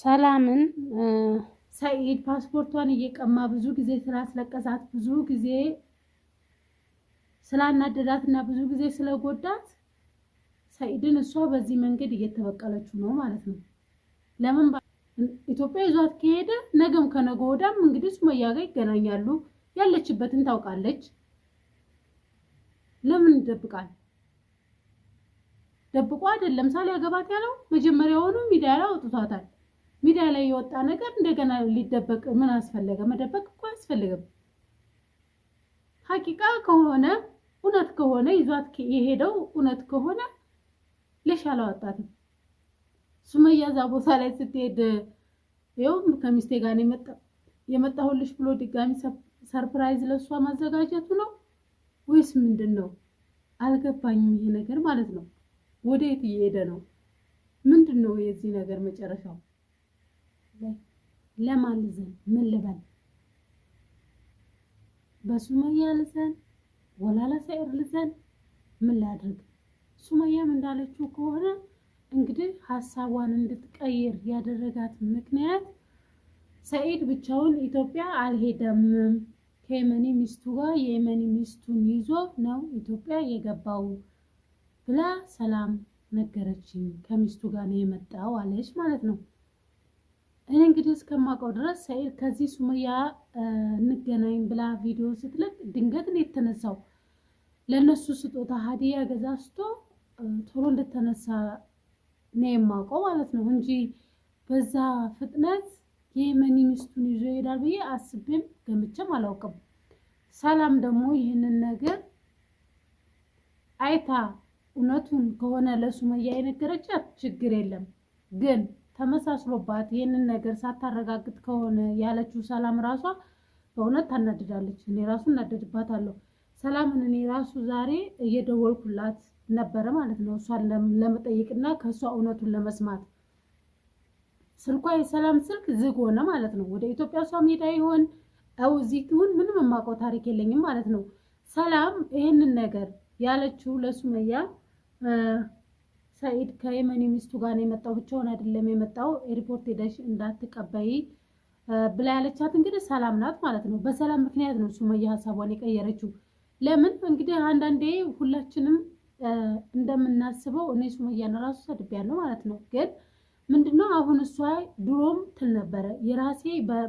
ሰላምን ሰኢድ ፓስፖርቷን እየቀማ ብዙ ጊዜ ስላስለቀሳት ብዙ ጊዜ ስላናደዳት እና ብዙ ጊዜ ስለጎዳት ሰኢድን እሷ በዚህ መንገድ እየተበቀለችው ነው ማለት ነው። ለምን ኢትዮጵያ ይዟት ከሄደ ነገም ከነገ ወዳም እንግዲህ ሱመያ ጋር ይገናኛሉ። ያለችበትን ታውቃለች። ለምን ይደብቃል? ደብቆ አይደለም ሳል ያገባት ያለው መጀመሪያውኑ ሚዲያ ላይ አውጥቷታል። ሚዲያ ላይ የወጣ ነገር እንደገና ሊደበቅ ምን አስፈለገ? መደበቅ እኮ አያስፈልግም። ሀቂቃ ከሆነ እውነት ከሆነ ይዟት የሄደው እውነት ከሆነ ለሽ አላወጣትም። ሱመያ እዛ ቦታ ላይ ስትሄድ ይኸው ከሚስቴ ጋር የመጣሁልሽ ብሎ ድጋሚ ሰርፕራይዝ ለእሷ ማዘጋጀቱ ነው ወይስ ምንድን ነው? አልገባኝም። ይሄ ነገር ማለት ነው ወደ የት እየሄደ ነው? ምንድን ነው የዚህ ነገር መጨረሻው? ላይ ለማን ልዘን ምን ልበል? በሱመያ ልዘን ወላለ ሰኢድ ልዘን ምን ላድርግ? ሱመያም እንዳለችው ከሆነ እንግዲህ ሀሳቧን እንድትቀይር ያደረጋት ምክንያት ሰኢድ ብቻውን ኢትዮጵያ አልሄደም። ከየመኒ ሚስቱ ጋር የየመኒ ሚስቱን ይዞ ነው ኢትዮጵያ የገባው ብላ ሰላም ነገረችኝ። ከሚስቱ ጋር ነው የመጣው አለች ማለት ነው። እኔ እንግዲህ እስከማውቀው ድረስ ሰኢድ ከዚህ ሱመያ እንገናኝ ብላ ቪዲዮ ስትለቅ ድንገት ነው የተነሳው። ለእነሱ ስጦታ ሀዲያ ገዛዝቶ ቶሎ እንደተነሳ ነው የማውቀው ማለት ነው እንጂ በዛ ፍጥነት የመኒ ሚስቱን ይዞ ይሄዳል ብዬ አስቤም ገምቼም አላውቅም። ሰላም ደግሞ ይህንን ነገር አይታ እውነቱን ከሆነ ለሱመያ የነገረቻት ችግር የለም ግን ተመሳስሎባት ይህንን ነገር ሳታረጋግጥ ከሆነ ያለችው ሰላም ራሷ በእውነት ታናድዳለች። እኔ ራሱ እናደድባታለሁ። ሰላምን እኔ ራሱ ዛሬ እየደወልኩላት ነበረ ማለት ነው እሷን ለመጠየቅና ከእሷ እውነቱን ለመስማት ስልኳ የሰላም ስልክ ዝግ ሆነ ማለት ነው። ወደ ኢትዮጵያ እሷ ሜዳ ይሆን አው እዚህ ይሁን ምንም የማውቀው ታሪክ የለኝም ማለት ነው። ሰላም ይህንን ነገር ያለችው ለሱመያ ሰኢድ ከየመኒ ሚስቱ ጋር የመጣው። ብቻውን አይደለም የመጣው ኤርፖርት ሄደሽ እንዳትቀበይ ብላ ያለቻት እንግዲህ ሰላም ናት ማለት ነው። በሰላም ምክንያት ነው ሱመያ ሀሳቧን የቀየረችው። ለምን እንግዲህ አንዳንዴ ሁላችንም እንደምናስበው እኔ ሱመያን ራሱ ሰድቤያለሁ ማለት ነው። ግን ምንድነው አሁን እሷ ድሮም ትል ነበረ የራሴ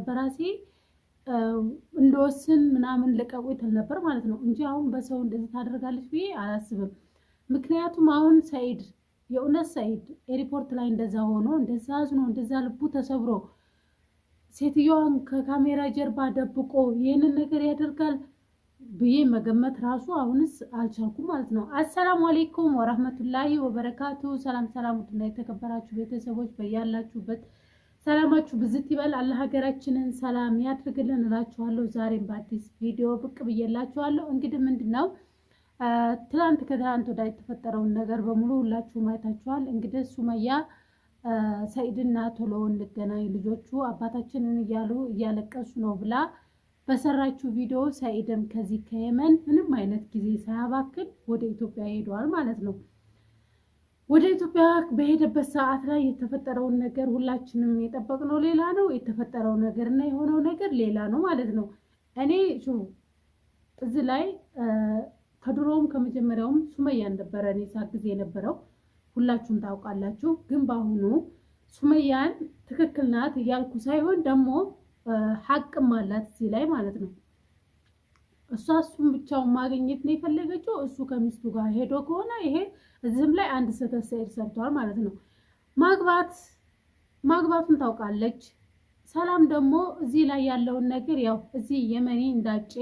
በራሴ እንደወስን ምናምን ልቀቁ ትል ነበር ማለት ነው እንጂ አሁን በሰው እንደዚህ ታደርጋለች ብዬ አላስብም። ምክንያቱም አሁን ሰኢድ የእውነት ሰይድ ኤሪፖርት ላይ እንደዛ ሆኖ እንደዛ አዝኖ እንደዛ ልቡ ተሰብሮ ሴትዮዋን ከካሜራ ጀርባ ደብቆ ይህንን ነገር ያደርጋል ብዬ መገመት ራሱ አሁንስ አልቻልኩም ማለት ነው። አሰላሙ አሌይኩም ወራህመቱላሂ ወበረካቱ። ሰላም ሰላም፣ ውድና የተከበራችሁ ቤተሰቦች በያላችሁበት ሰላማችሁ ብዝት ይበል። አለ ሀገራችንን ሰላም ያድርግልን እላችኋለሁ። ዛሬም በአዲስ ቪዲዮ ብቅ ብዬላችኋለሁ። እንግዲህ ምንድን ነው ትናንት ከትላንት ወዳ የተፈጠረውን ነገር በሙሉ ሁላችሁ አይታችኋል። እንግዲህ ሱመያ ሰኢድና ቶሎ እንገናኝ ልጆቹ አባታችንን እያሉ እያለቀሱ ነው ብላ በሰራችው ቪዲዮ ሰኢድም ከዚህ ከየመን ምንም አይነት ጊዜ ሳያባክል ወደ ኢትዮጵያ ሄደዋል ማለት ነው። ወደ ኢትዮጵያ በሄደበት ሰዓት ላይ የተፈጠረውን ነገር ሁላችንም የጠበቅነው ሌላ ነው። የተፈጠረው ነገር እና የሆነው ነገር ሌላ ነው ማለት ነው። እኔ እዚህ ላይ ከድሮውም ከመጀመሪያውም ሱመያ ነበረ እኔ ሳግዝ የነበረው ሁላችሁም ታውቃላችሁ። ግን በአሁኑ ሱመያን ትክክል ናት እያልኩ ሳይሆን ደግሞ ሀቅም አላት እዚህ ላይ ማለት ነው። እሷ እሱን ብቻውን ማግኘት ነው የፈለገችው። እሱ ከሚስቱ ጋር ሄዶ ከሆነ ይሄ እዚህም ላይ አንድ ስህተት ሰይድ ሰርቷል ማለት ነው። ማግባት ማግባቱን ታውቃለች። ሰላም ደግሞ እዚህ ላይ ያለውን ነገር ያው እዚህ የመኒ እንዳጬ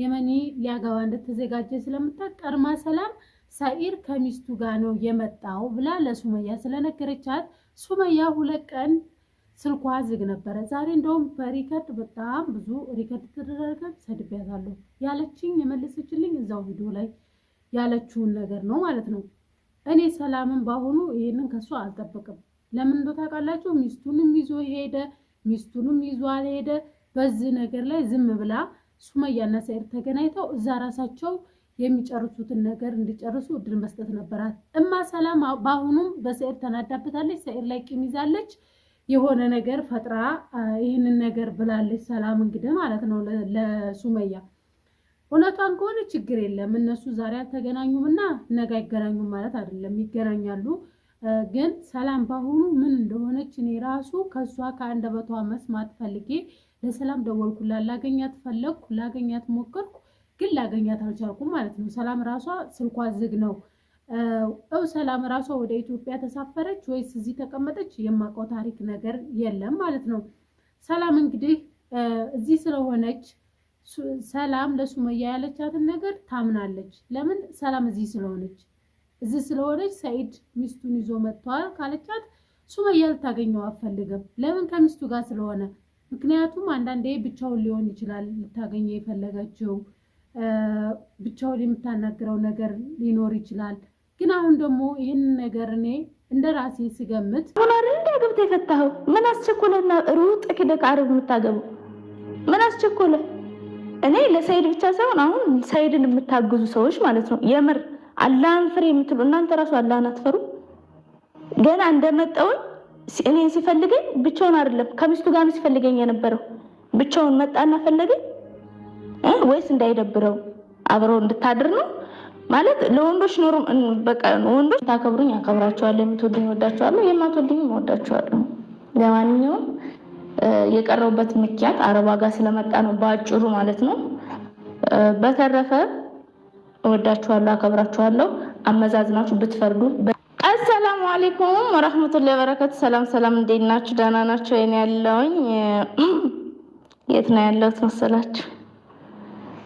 የመኒ ሊያገባ እንደተዘጋጀ ስለምታውቅ ቀድማ ሰላም ሰኢድ ከሚስቱ ጋር ነው የመጣው ብላ ለሱመያ ስለነገረቻት ሱመያ ሁለት ቀን ስልኳ ዝግ ነበረ። ዛሬ እንደውም በሪከርድ በጣም ብዙ ሪከርድ ተደረገ፣ ሰድቤያታለሁ ያለችኝ የመለሰችልኝ እዛው ቪዲዮ ላይ ያለችውን ነገር ነው ማለት ነው። እኔ ሰላምን በአሁኑ ይህንን ከሱ አልጠበቅም። ለምን እንደው ታውቃላችሁ፣ ሚስቱንም ይዞ ሄደ፣ ሚስቱንም ይዞ አልሄደ። በዚህ ነገር ላይ ዝም ብላ ሱመያና ሰኢድ ተገናኝተው እዛ ራሳቸው የሚጨርሱትን ነገር እንዲጨርሱ እድል መስጠት ነበራት። እማ ሰላም በአሁኑም በሰኢድ ተናዳበታለች። ሰኢድ ላይ ቂም ይዛለች። የሆነ ነገር ፈጥራ ይህንን ነገር ብላለች። ሰላም እንግዲህ ማለት ነው ለሱመያ እውነቷን ከሆነ ችግር የለም እነሱ ዛሬ አልተገናኙም እና ነገ አይገናኙም ማለት አይደለም፣ ይገናኛሉ። ግን ሰላም በአሁኑ ምን እንደሆነች እኔ ራሱ ከእሷ ከአንደበቷ መስማት ፈልጌ ለሰላም ደወልኩ ላገኛት ፈለግኩ፣ ላገኛት ሞከርኩ፣ ግን ላገኛት አልቻልኩም ማለት ነው። ሰላም ራሷ ስልኳ ዝግ ነው። እው ሰላም ራሷ ወደ ኢትዮጵያ ተሳፈረች ወይስ እዚህ ተቀመጠች? የማውቀው ታሪክ ነገር የለም ማለት ነው። ሰላም እንግዲህ እዚህ ስለሆነች ሰላም ለሱመያ ያለቻትን ነገር ታምናለች። ለምን? ሰላም እዚህ ስለሆነች እዚህ ስለሆነች ሰኢድ ሚስቱን ይዞ መጥተዋል ካለቻት ሱመያ ልታገኘው አትፈልግም። ለምን? ከሚስቱ ጋር ስለሆነ ምክንያቱም አንዳንዴ ብቻውን ሊሆን ይችላል ልታገኘ የፈለገችው ብቻውን የምታናግረው ነገር ሊኖር ይችላል። ግን አሁን ደግሞ ይህንን ነገር እኔ እንደ ራሴ ስገምት አሁን አይደል እንዳገብተህ የፈታኸው? ምን አስቸኮለና ሩጥ ክደቅ አርብ የምታገቡ ምን አስቸኮለ? እኔ ለሰይድ ብቻ ሳይሆን አሁን ሰይድን የምታግዙ ሰዎች ማለት ነው የምር አላህን ፍሬ የምትሉ እናንተ ራሱ አላህን አትፈሩ። ገና እንደመጠውኝ እኔ ሲፈልገኝ ብቻውን አይደለም ከሚስቱ ጋር ሲፈልገኝ የነበረው ብቻውን መጣና ፈለገኝ ወይስ እንዳይደብረው አብረው እንድታድር ነው ማለት ለወንዶች ኖሮ በቃ ወንዶች ታከብሩኝ፣ አከብራቸዋለሁ። የምትወዱኝ ወዳቸዋለሁ፣ የማትወዱኝ ወዳቸዋለሁ። ለማንኛውም የቀረቡበት ምክንያት አረብ ዋጋ ስለመጣ ነው በአጭሩ ማለት ነው። በተረፈ እወዳችኋለሁ፣ አከብራችኋለሁ። አመዛዝናችሁ ብትፈርዱ አለይኩም ወራህመቱላሂ ወበረካቱ። ሰላም ሰላም፣ እንዴት ናችሁ? ደህና ናችሁ? እኔ ያለውኝ የት ነው ያለሁት መሰላችሁ?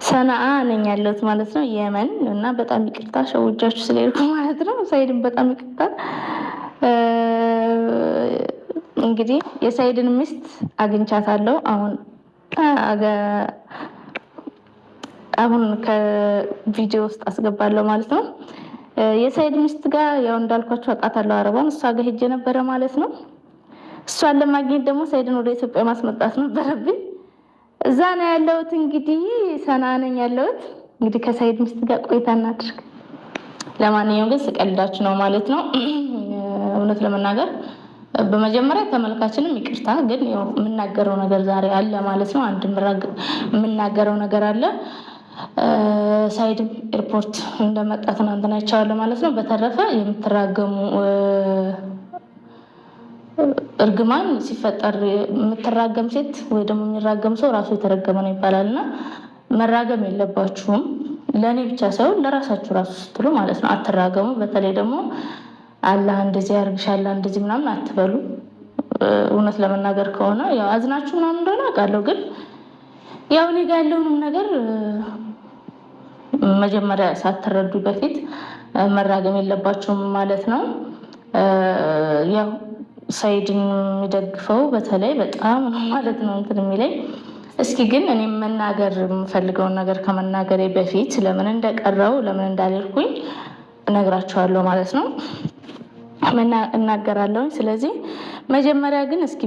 ሰናአ ነኝ ያለሁት ማለት ነው የመን እና በጣም ይቅርታ ሸውጃችሁ ስለሄድኩ ማለት ነው። ሳይድን በጣም ይቅርታ። እንግዲህ የሳይድን ሚስት አግኝቻታለሁ። አሁን አሁን ከቪዲዮ ውስጥ አስገባለሁ ማለት ነው። የሳይድ ሚስት ጋር ያው እንዳልኳቸው አውቃታለሁ አረቧን፣ እሷ ጋር ሄጄ ነበረ ማለት ነው። እሷን ለማግኘት ደግሞ ሳይድን ወደ ኢትዮጵያ ማስመጣት ነበረብኝ። እዛ ነው ያለሁት። እንግዲህ ሰና ነኝ ያለሁት። እንግዲህ ከሳይድ ሚስት ጋር ቆይታ እናድርግ። ለማንኛውም ግን ስቀልዳችሁ ነው ማለት ነው። እውነት ለመናገር በመጀመሪያ ተመልካችንም ይቅርታ፣ ግን የምናገረው ነገር ዛሬ አለ ማለት ነው። አንድ የምናገረው ነገር አለ። ሳይድ ኤርፖርት እንደመጣ ትናንትና አይቻለሁ ማለት ነው። በተረፈ የምትራገሙ እርግማን ሲፈጠር የምትራገም ሴት ወይ ደግሞ የሚራገም ሰው ራሱ የተረገመ ነው ይባላል እና መራገም የለባችሁም። ለእኔ ብቻ ሳይሆን ለራሳችሁ ራሱ ስትሉ ማለት ነው አትራገሙ። በተለይ ደግሞ አላህ እንደዚህ ያርግሽ አላህ እንደዚህ ምናምን አትበሉ። እውነት ለመናገር ከሆነ ያው አዝናችሁ ምናምን እንደሆነ አውቃለሁ፣ ግን ያው እኔ ጋ ያለውንም ነገር መጀመሪያ ሳትረዱ በፊት መራገም የለባቸውም ማለት ነው። ያው ሰኢድን የሚደግፈው በተለይ በጣም ማለት ነው እንትን የሚለኝ እስኪ ግን እኔ መናገር የምፈልገውን ነገር ከመናገሬ በፊት ለምን እንደቀረው ለምን እንዳልኩኝ እነግራቸዋለሁ ማለት ነው። እናገራለሁኝ። ስለዚህ መጀመሪያ ግን እስኪ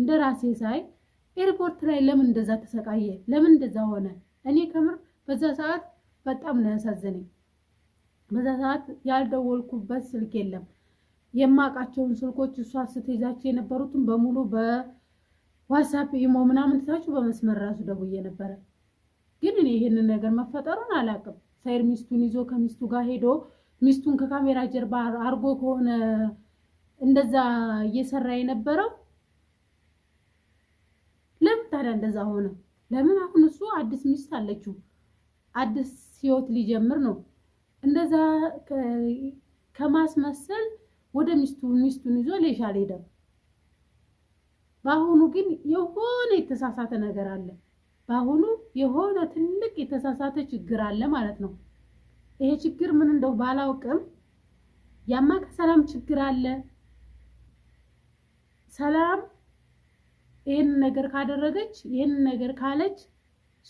እንደ ራሴ ሳይ ኤርፖርት ላይ ለምን እንደዛ ተሰቃየ? ለምን እንደዛ ሆነ? እኔ ከምር በዛ ሰዓት በጣም ነው ያሳዘነኝ። በዛ ሰዓት ያልደወልኩበት ስልክ የለም። የማውቃቸውን ስልኮች እሷ ስትይዛቸው የነበሩትን በሙሉ በዋትሳፕ ኢሞ ምናምን ትታችሁ በመስመር ራሱ ደውዬ ነበረ። ግን እኔ ይሄንን ነገር መፈጠሩን አላውቅም። ሳይር ሚስቱን ይዞ ከሚስቱ ጋር ሄዶ ሚስቱን ከካሜራ ጀርባ አርጎ ከሆነ እንደዛ እየሰራ የነበረው ለምን ታዲያ እንደዛ ሆነ? ለምን አሁን እሱ አዲስ ሚስት አለችው አዲስ ህይወት ሊጀምር ነው። እንደዛ ከማስመሰል ወደ ሚስቱ ሚስቱን ይዞ ሌሻ አልሄደም። በአሁኑ ግን የሆነ የተሳሳተ ነገር አለ። በአሁኑ የሆነ ትልቅ የተሳሳተ ችግር አለ ማለት ነው። ይሄ ችግር ምን እንደው ባላውቅም ያማከ ሰላም ችግር አለ። ሰላም ይህን ነገር ካደረገች ይህን ነገር ካለች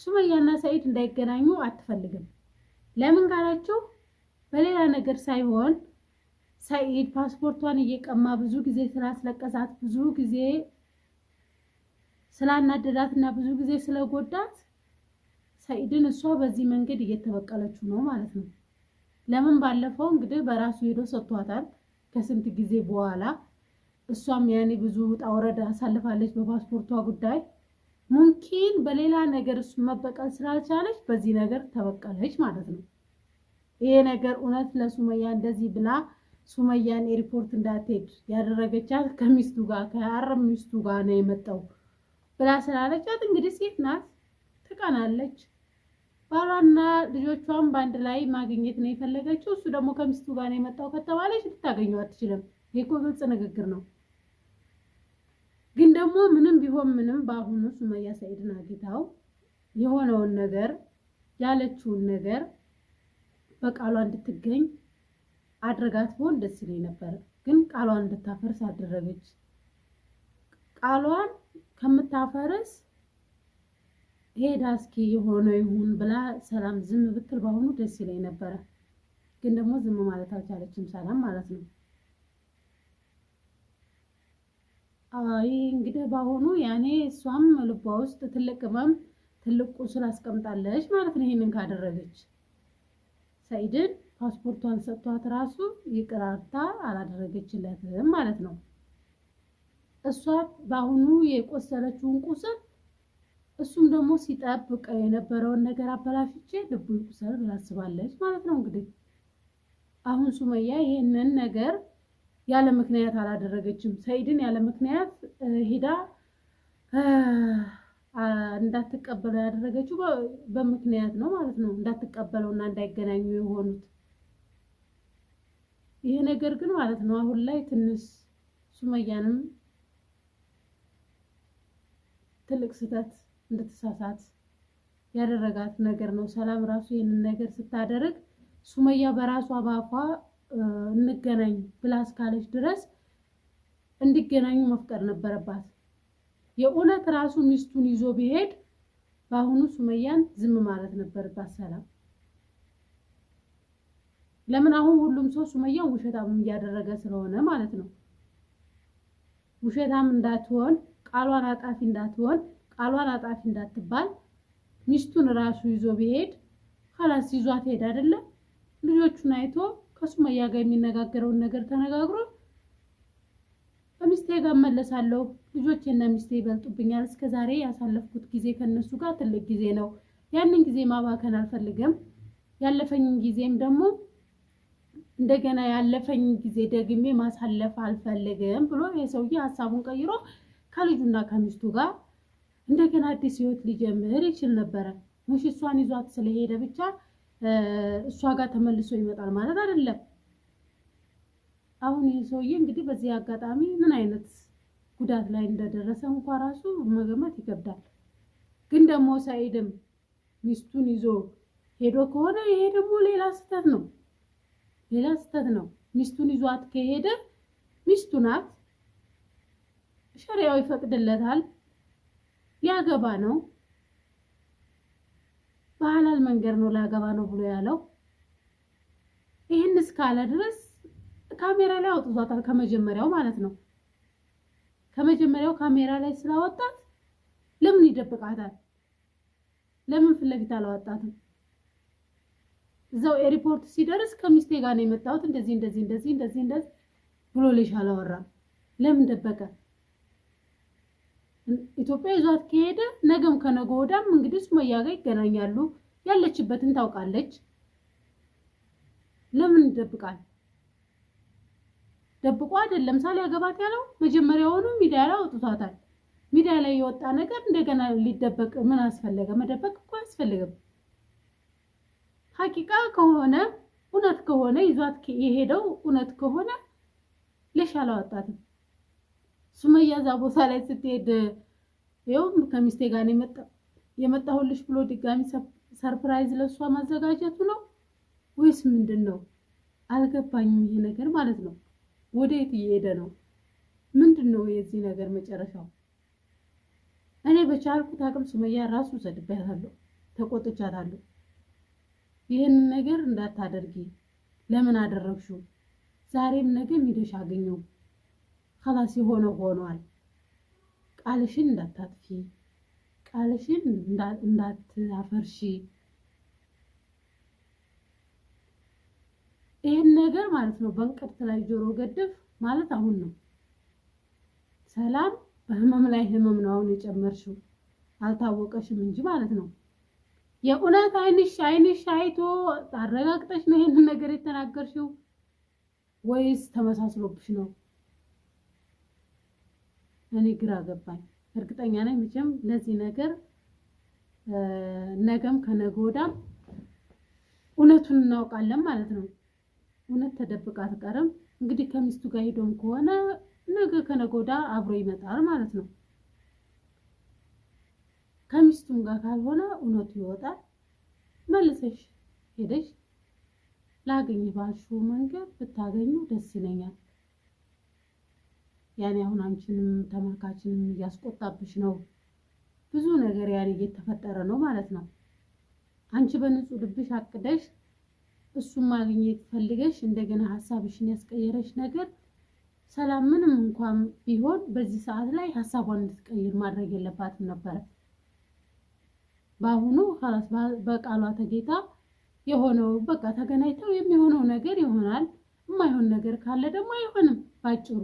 ሱመያና ሰኢድ እንዳይገናኙ አትፈልግም። ለምን ካላችሁ በሌላ ነገር ሳይሆን ሰኢድ ፓስፖርቷን እየቀማ ብዙ ጊዜ ስላስለቀሳት ብዙ ጊዜ ስላናደዳት እና ብዙ ጊዜ ስለጎዳት ሰኢድን እሷ በዚህ መንገድ እየተበቀለችው ነው ማለት ነው። ለምን ባለፈው እንግዲህ በራሱ ሄዶ ሰጥቷታል ከስንት ጊዜ በኋላ እሷም ያኔ ብዙ ውጣ ውረድ አሳልፋለች በፓስፖርቷ ጉዳይ ሙምኪን በሌላ ነገር እሱ መበቀል ስላልቻለች በዚህ ነገር ተበቀለች ማለት ነው። ይሄ ነገር እውነት ለሱመያ እንደዚህ ብላ ሱመያን ኤርፖርት እንዳትሄድ ያደረገቻት ከሚስቱ ጋር ከአረብ ሚስቱ ጋር ነው የመጣው ብላ ስላለቻት እንግዲህ ሴት ናት፣ ትቀናለች። ባሏና ልጆቿን በአንድ ላይ ማግኘት ነው የፈለገችው። እሱ ደግሞ ከሚስቱ ጋር ነው የመጣው ከተባለች ልታገኘው አትችልም። ይህ እኮ ግልጽ ንግግር ነው። ግን ደግሞ ምንም ቢሆን ምንም በአሁኑ ሱመያ ሰኢድን አግኝታው የሆነውን ነገር ያለችውን ነገር በቃሏ እንድትገኝ አድርጋት ቢሆን ደስ ይለኝ ነበር። ግን ቃሏን እንድታፈርስ አደረገች። ቃሏን ከምታፈርስ ሄዳ እስኪ የሆነ ይሁን ብላ ሰላም ዝም ብትል በአሁኑ ደስ ይለኝ ነበረ። ግን ደግሞ ዝም ማለት አልቻለችም ሰላም ማለት ነው። ይህ እንግዲህ በአሁኑ ያኔ እሷም ልቧ ውስጥ ትልቅ ህመም፣ ትልቅ ቁስል አስቀምጣለች ማለት ነው። ይህንን ካደረገች ሳይድን ፓስፖርቷን ሰጥቷት ራሱ ይቅራታ አላደረገችለትም ማለት ነው። እሷ በአሁኑ የቆሰለችውን ቁስል እሱም ደግሞ ሲጠብቅ የነበረውን ነገር አበላሽቼ ልቡ ይቁሰል ብላ ማለት ነው። እንግዲህ አሁን ሱመያ ይህንን ነገር ያለ ምክንያት አላደረገችም። ሰይድን ያለ ምክንያት ሄዳ እንዳትቀበለው ያደረገችው በምክንያት ነው ማለት ነው። እንዳትቀበለው እና እንዳይገናኙ የሆኑት ይሄ ነገር ግን ማለት ነው አሁን ላይ ትንሽ ሱመያንም ትልቅ ስህተት እንድትሳሳት ያደረጋት ነገር ነው። ሰላም ራሱ ይህንን ነገር ስታደርግ ሱመያ በራሷ ባፏ እንገናኝ ብላ እስካለች ድረስ እንዲገናኙ መፍቀር ነበረባት። የእውነት ራሱ ሚስቱን ይዞ ቢሄድ በአሁኑ ሱመያን ዝም ማለት ነበረባት። ሰላም ለምን አሁን ሁሉም ሰው ሱመያን ውሸታም እያደረገ ስለሆነ ማለት ነው። ውሸታም እንዳትሆን ቃሏን አጣፊ እንዳትሆን ቃሏን አጣፊ እንዳትባል ሚስቱን ራሱ ይዞ ቢሄድ ከላስ ይዟት ሄድ አይደለም ልጆቹን አይቶ ከሱመያ ጋር የሚነጋገረውን ነገር ተነጋግሮ ከሚስቴ ጋር እመለሳለሁ። ልጆቼና ሚስቴ ይበልጡብኛል። እስከዛሬ ያሳለፍኩት ጊዜ ከነሱ ጋር ትልቅ ጊዜ ነው። ያንን ጊዜ ማባከን አልፈልግም። ያለፈኝን ጊዜም ደግሞ እንደገና ያለፈኝ ጊዜ ደግሜ ማሳለፍ አልፈልግም ብሎ የሰውዬ ሀሳቡን ቀይሮ ከልጁና ከሚስቱ ጋር እንደገና አዲስ ህይወት ሊጀምር ይችል ነበረ። ሙሽ እሷን ይዟት ስለሄደ ብቻ እሷ ጋር ተመልሶ ይመጣል ማለት አይደለም። አሁን ይህ ሰውዬ እንግዲህ በዚህ አጋጣሚ ምን አይነት ጉዳት ላይ እንደደረሰ እንኳ ራሱ መገመት ይከብዳል። ግን ደግሞ ሳይድም ሚስቱን ይዞ ሄዶ ከሆነ ይሄ ደግሞ ሌላ ስህተት ነው፣ ሌላ ስህተት ነው። ሚስቱን ይዟት ከሄደ ሚስቱ ናት፣ ሸሪያው ይፈቅድለታል፣ ሊያገባ ነው። ባህላል መንገድ ነው ላገባ ነው ብሎ ያለው። ይህን እስካለ ድረስ ካሜራ ላይ አውጥቷታል። ከመጀመሪያው ማለት ነው። ከመጀመሪያው ካሜራ ላይ ስላወጣት ለምን ይደብቃታል? ለምን ፊት ለፊት አላወጣትም? እዛው ኤሪፖርት ሲደርስ ከሚስቴ ጋር ነው የመጣሁት እንደዚህ እንደዚህ እንደዚህ እንደዚህ እንደዚህ ብሎ ልሽ አላወራም። ለምን ደበቀ? ኢትዮጵያ ይዟት ከሄደ ነገም ከነገ ወዳም እንግዲህ ሱመያ ጋር ይገናኛሉ። ያለችበትን ታውቃለች። ለምን ይደብቃል? ደብቆ አይደለም ሳሊያገባት ያለው መጀመሪያውኑ ሚዲያ ላይ አውጥቷታል። ሚዲያ ላይ የወጣ ነገር እንደገና ሊደበቅ ምን አስፈለገ? መደበቅ እኮ አያስፈልግም። ሀቂቃ ከሆነ እውነት ከሆነ ይዟት የሄደው እውነት ከሆነ ለሽ አላወጣትም። ሱመያ እዛ ቦታ ላይ ስትሄድ ይኸው ከሚስቴ ጋር ነው የመጣሁልሽ ብሎ ድጋሚ ሰርፕራይዝ ለእሷ ማዘጋጀቱ ነው ወይስ ምንድን ነው? አልገባኝም። ይሄ ነገር ማለት ነው ወደ የት እየሄደ ነው? ምንድን ነው የዚህ ነገር መጨረሻው? እኔ በቻልኩት አቅም ሱመያ ራሱ ሰድቤያታለሁ፣ ተቆጥቻታለሁ። ይህንን ነገር እንዳታደርጊ ለምን አደረግሽው? ዛሬም ነገም ሂደሽ አገኘው ከላስ የሆነ ሆኗል። ቃልሽን እንዳታጥፊ፣ ቃልሽን እንዳትፈርሺ ይህን ነገር ማለት ነው። በእንቅርት ላይ ጆሮ ገድፍ ማለት አሁን ነው። ሰላም በህመም ላይ ህመም ነው አሁን የጨመርሽው አልታወቀሽም እንጂ ማለት ነው። የእውነት አይንሽ አይንሽ አይቶ አረጋግጠሽ ነው ይህንን ነገር የተናገርሽው ወይስ ተመሳስሎብሽ ነው? እኔ ግራ ገባኝ። እርግጠኛ ነኝ መቼም ለዚህ ነገር ነገም ከነገ ወዲያም እውነቱን እናውቃለን ማለት ነው። እውነት ተደብቃ አትቀርም። እንግዲህ ከሚስቱ ጋር ሄዶም ከሆነ ነገ ከነገ ወዳ አብሮ ይመጣል ማለት ነው። ከሚስቱም ጋር ካልሆነ እውነቱ ይወጣል። መልሰሽ ሄደሽ ላገኝ ባልሽው መንገድ ብታገኙ ደስ ይለኛል። ያኔ አሁን አንቺንም ተመልካችንም እያስቆጣብሽ ነው። ብዙ ነገር ያኔ እየተፈጠረ ነው ማለት ነው። አንቺ በንጹህ ልብሽ አቅደሽ እሱም ማግኘት ፈልገሽ እንደገና ሀሳብሽን ያስቀየረሽ ነገር ሰላም ምንም እንኳን ቢሆን በዚህ ሰዓት ላይ ሀሳቧን እንድትቀይር ማድረግ የለባትም ነበረ። በአሁኑ ላስ በቃሏ ተጌታ የሆነው በቃ ተገናኝተው የሚሆነው ነገር ይሆናል። የማይሆን ነገር ካለ ደግሞ አይሆንም ባጭሩ